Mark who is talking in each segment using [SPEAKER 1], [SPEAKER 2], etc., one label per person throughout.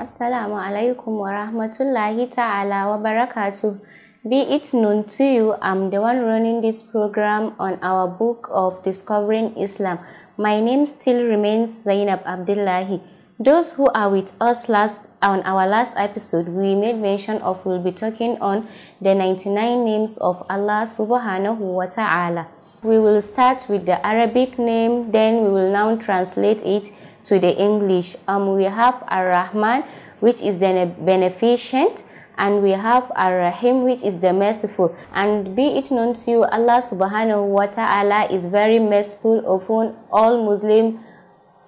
[SPEAKER 1] Assalamu alaikum wa rahmatullahi ta'ala wa barakatuh. Be it known to you, I'm the one running this program on our book of Discovering Islam. My name still remains Zainab Abdullahi. Those who are with us last on our last episode, we made mention of we'll be talking on the 99 names of Allah subhanahu wa ta'ala. We will start with the Arabic name, then we will now translate it to the English. Um, we have Ar-Rahman, which is the beneficent, and we have Ar-Rahim, which is the merciful. And be it known to you, Allah subhanahu wa ta'ala is very merciful upon all Muslim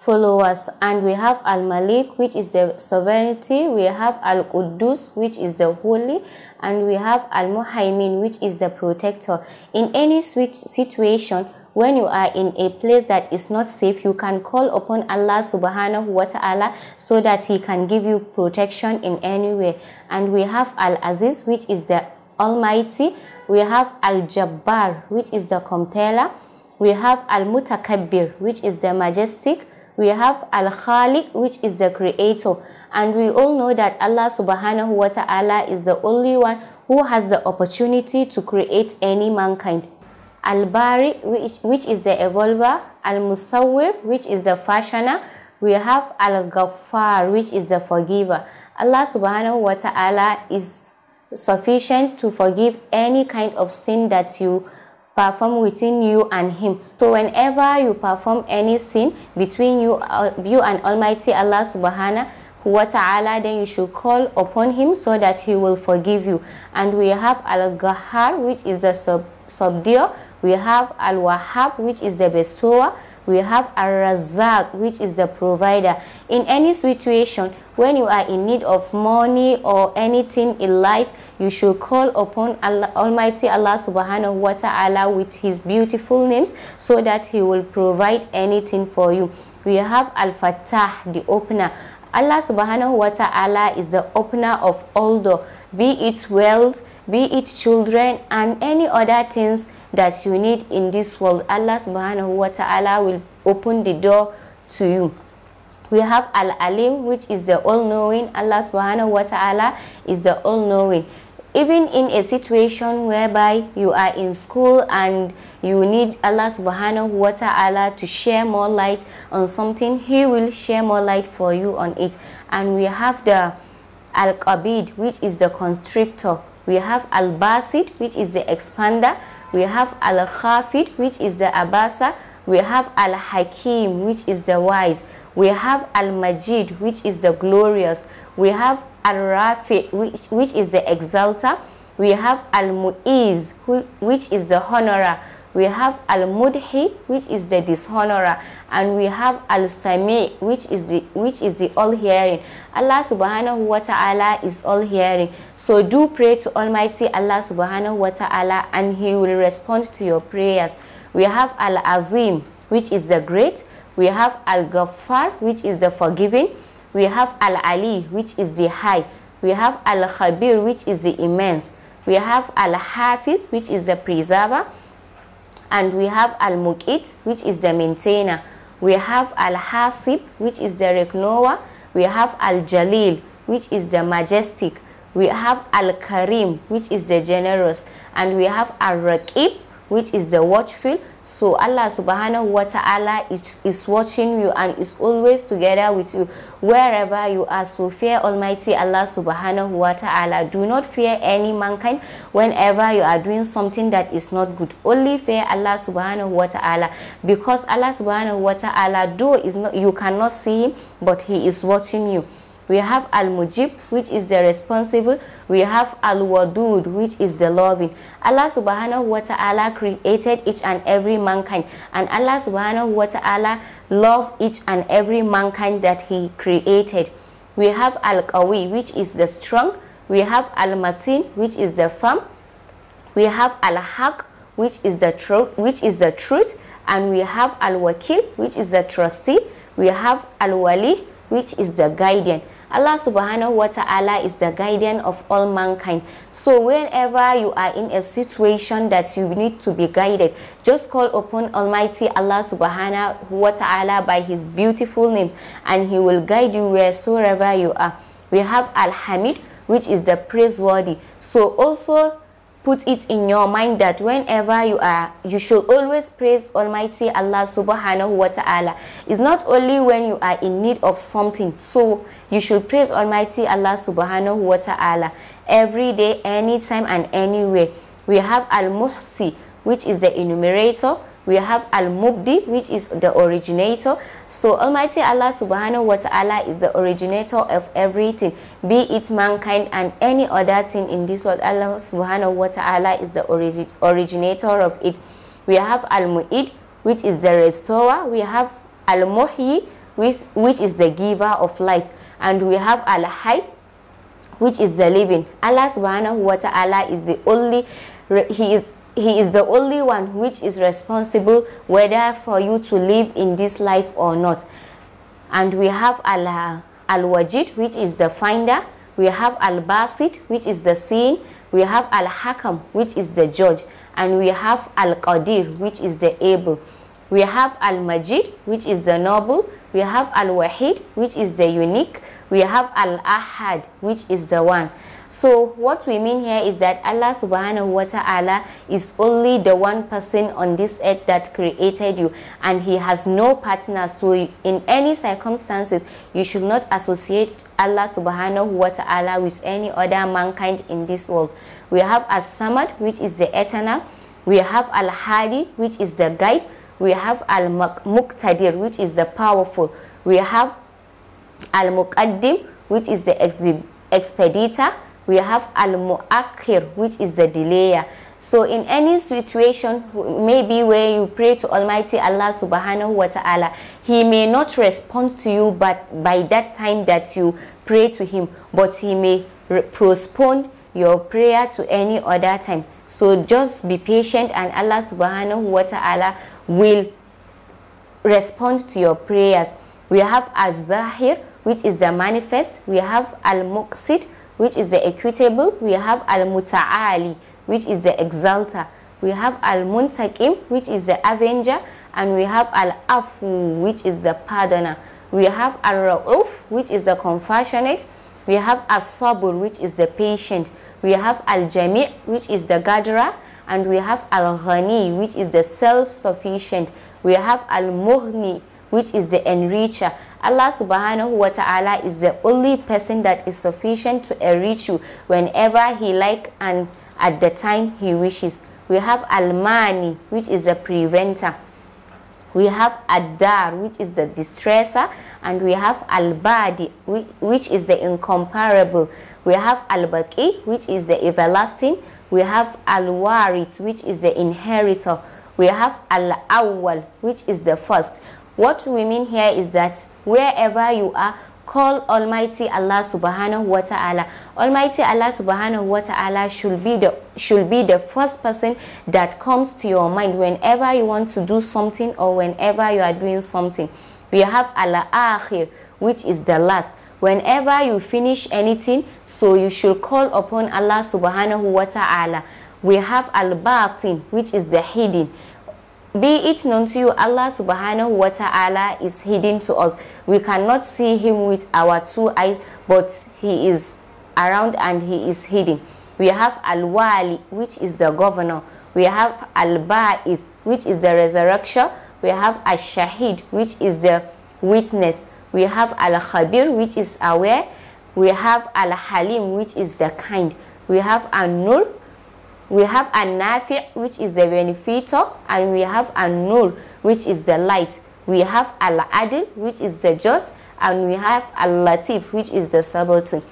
[SPEAKER 1] followers. And we have Al-Malik, which is the sovereignty. We have Al-Quddus, which is the holy. And we have Al-Muhaymin, which is the protector. In any situation, when you are in a place that is not safe, you can call upon Allah subhanahu wa ta'ala so that He can give you protection in any way. And we have Al Aziz, which is the Almighty. We have Al Jabbar, which is the Compeller. We have Al Mutakabbir, which is the Majestic. We have Al Khaliq, which is the Creator. And we all know that Allah subhanahu wa ta'ala is the only one who has the opportunity to create any mankind al-bari which, which is the evolver al Musawir, which is the fashioner we have al-ghaffar which is the forgiver allah subhanahu wa ta'ala is sufficient to forgive any kind of sin that you perform within you and him so whenever you perform any sin between you uh, you and almighty allah subhanahu wa ta'ala then you should call upon him so that he will forgive you and we have al Ghafar, which is the sub subdue. We have Al-Wahhab, which is the bestower. We have Al-Razak, which is the provider. In any situation, when you are in need of money or anything in life, you should call upon Allah, Almighty Allah subhanahu wa ta'ala with his beautiful names so that he will provide anything for you. We have Al-Fattah, the opener. Allah subhanahu wa ta'ala is the opener of all the, be it wealth, be it children and any other things that you need in this world, Allah subhanahu wa ta'ala will open the door to you. We have Al-Alim, which is the all-knowing. Allah subhanahu wa ta'ala is the all-knowing. Even in a situation whereby you are in school and you need Allah subhanahu wa ta'ala to share more light on something, He will share more light for you on it. And we have the Al-Qabid, which is the constrictor we have al-basid which is the expander we have al-khafid which is the abasa we have al-hakim which is the wise we have al-majid which is the glorious we have al-rafi which, which is the exalter we have al-mu'iz which is the honorer we have al-mudhi which is the dishonorer and we have al-sami which is the which is the all-hearing allah subhanahu wa ta'ala is all-hearing so do pray to almighty allah subhanahu wa ta'ala and he will respond to your prayers we have al-azim which is the great we have al-ghaffar which is the forgiving we have al-ali which is the high we have al-khabir which is the immense we have al-hafiz which is the preserver and we have al Mukit, which is the maintainer we have al-hasib which is the reknower we have al-jalil which is the majestic we have al-karim which is the generous and we have al-raqib which is the watchful. So Allah subhanahu wa ta'ala is, is watching you and is always together with you wherever you are. So fear Almighty Allah subhanahu wa ta'ala. Do not fear any mankind whenever you are doing something that is not good. Only fear Allah subhanahu wa ta'ala because Allah subhanahu wa ta'ala though is not you cannot see him but he is watching you. We have Al-Mujib, which is the responsible. We have Al-Wadud, which is the loving. Allah subhanahu wa ta'ala created each and every mankind. And Allah subhanahu wa ta'ala loved each and every mankind that he created. We have Al-Qawi, which is the strong. We have Al-Matin, which is the firm. We have Al-Haq, which is the truth, which is the truth. And we have Al-Wakil, which is the trustee. We have Al-Wali, which is the guardian. Allah subhanahu wa ta'ala is the guardian of all mankind. So whenever you are in a situation that you need to be guided, just call upon Almighty Allah subhanahu wa ta'ala by his beautiful name and he will guide you wheresoever you are. We have Al-Hamid which is the praiseworthy. So also put it in your mind that whenever you are you should always praise almighty allah subhanahu wa ta'ala it's not only when you are in need of something so you should praise almighty allah subhanahu wa ta'ala every day anytime and anywhere we have al-muhsi which is the enumerator we have Al-Mubdi, which is the originator. So Almighty Allah subhanahu wa ta'ala is the originator of everything, be it mankind and any other thing in this world. Allah subhanahu wa ta'ala is the originator of it. We have Al-Mu'id, which is the restorer. We have al Mohi, which, which is the giver of life. And we have Al-Hayy, which is the living. Allah subhanahu wa ta'ala is the only, he is he is the only one which is responsible whether for you to live in this life or not and we have allah Al-Wajid, which is the finder. We have Al-Basit, which is the seeing. We have Al-Hakam, which is the judge. And we have Al-Qadir, which is the able. We have Al-Majid, which is the noble. We have Al-Wahid, which is the unique. We have Al-Ahad, which is the one. So what we mean here is that Allah subhanahu wa ta'ala is only the one person on this earth that created you and he has no partner. So in any circumstances, you should not associate Allah subhanahu wa ta'ala with any other mankind in this world. We have As-Samad which is the eternal. We have Al-Hadi which is the guide. We have Al-Muqtadir which is the powerful. We have Al-Muqaddim which is the expeditor we have al-mu'akhir, which is the delayer. So in any situation, maybe where you pray to Almighty Allah subhanahu wa ta'ala, He may not respond to you but by that time that you pray to Him, but He may postpone your prayer to any other time. So just be patient and Allah subhanahu wa ta'ala will respond to your prayers. We have Az-Zahir, which is the manifest. We have Al-Muqsid, which is the equitable. We have al-muta'ali, which is the exalter. We have al muntakim which is the avenger. And we have al-afu, which is the pardoner. We have al-ra'uf, which is the compassionate. We have al sabur which is the patient. We have al-jami', which is the gatherer. And we have al-ghani, which is the self-sufficient. We have al-mughni, which is the enricher. Allah subhanahu wa ta'ala is the only person that is sufficient to enrich you whenever he like and at the time he wishes. We have Almani, which is the preventer. We have Adar, which is the distresser, and we have al which is the incomparable. We have Al-Baqi, which is the everlasting. We have Al-Warit, which is the inheritor. We have Al-Awwal, which is the first. What we mean here is that wherever you are, call Almighty Allah subhanahu wa ta'ala. Almighty Allah subhanahu wa ta'ala should be the should be the first person that comes to your mind whenever you want to do something or whenever you are doing something. We have Allah akhir, which is the last. Whenever you finish anything, so you should call upon Allah subhanahu wa ta'ala. We have al-batin, which is the hidden. Be it known to you, Allah subhanahu wa ta'ala is hidden to us. We cannot see him with our two eyes, but he is around and he is hidden. We have Al-Wali, which is the governor. We have Al-Ba'ith, which is the resurrection. We have Al-Shahid, which is the witness. We have Al-Khabir, which is aware. We have Al-Halim, which is the kind. We have An-Nur, we have a nafi which is the benefitor and we have a nur which is the light. We have al-adil which is the just and we have al-latif which is the subtlety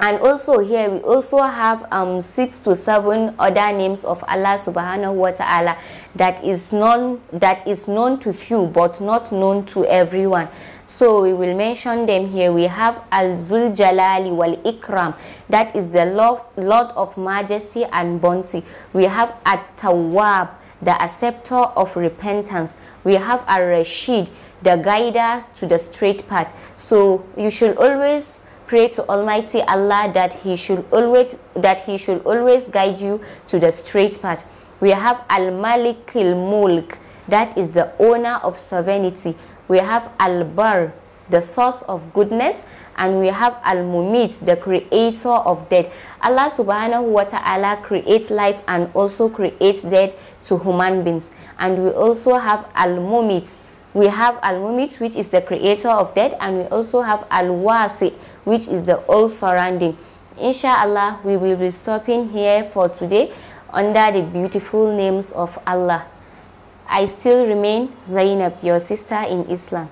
[SPEAKER 1] and also here we also have um, six to seven other names of Allah subhanahu wa ta'ala that is known that is known to few but not known to everyone so we will mention them here we have al-zul jalali wal ikram that is the lord, lord of majesty and bounty we have at Tawab, the acceptor of repentance we have al-rashid the guider to the straight path so you should always pray to Almighty Allah that He should always that He should always guide you to the straight path. We have Al Malik Al Mulk, that is the owner of sovereignty. We have Al Bar, the source of goodness, and we have Al Mumit, the creator of death. Allah subhanahu wa ta'ala creates life and also creates death to human beings. And we also have Al Mumit we have Al-Mumit, which is the creator of death, and we also have Al-Wasi, which is the all surrounding. Inshallah, we will be stopping here for today under the beautiful names of Allah. I still remain Zainab, your sister in Islam.